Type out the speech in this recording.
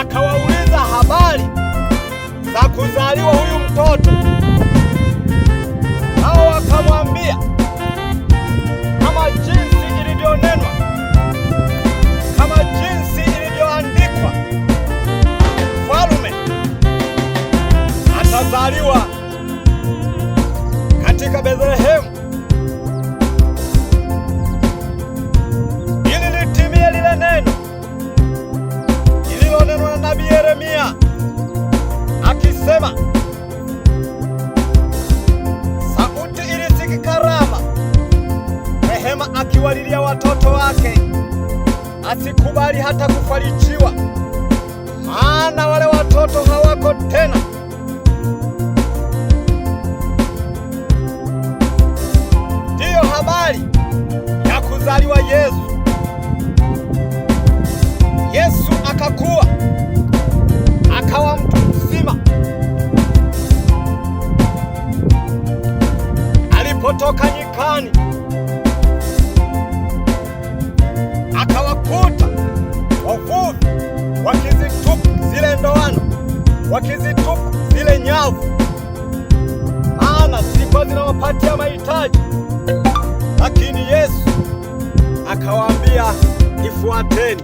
akawauliza habari za kuzaliwa huyu mtoto, nao wakamwambia kama jinsi ilivyonenwa, kama jinsi ilivyoandikwa, mfalume atazaliwa Samia akisema sauti ilisikika Rama, Rehema akiwalilia watoto wake, asikubali hata kufarijiwa, maana wale watoto hawako tena. Ndiyo habari kutoka nyikani akawakuta wavuvi wakizitupa zile ndoano, wakizitupa zile nyavu, maana zilikuwa zinawapatia mahitaji. Lakini Yesu akawaambia, ifuateni.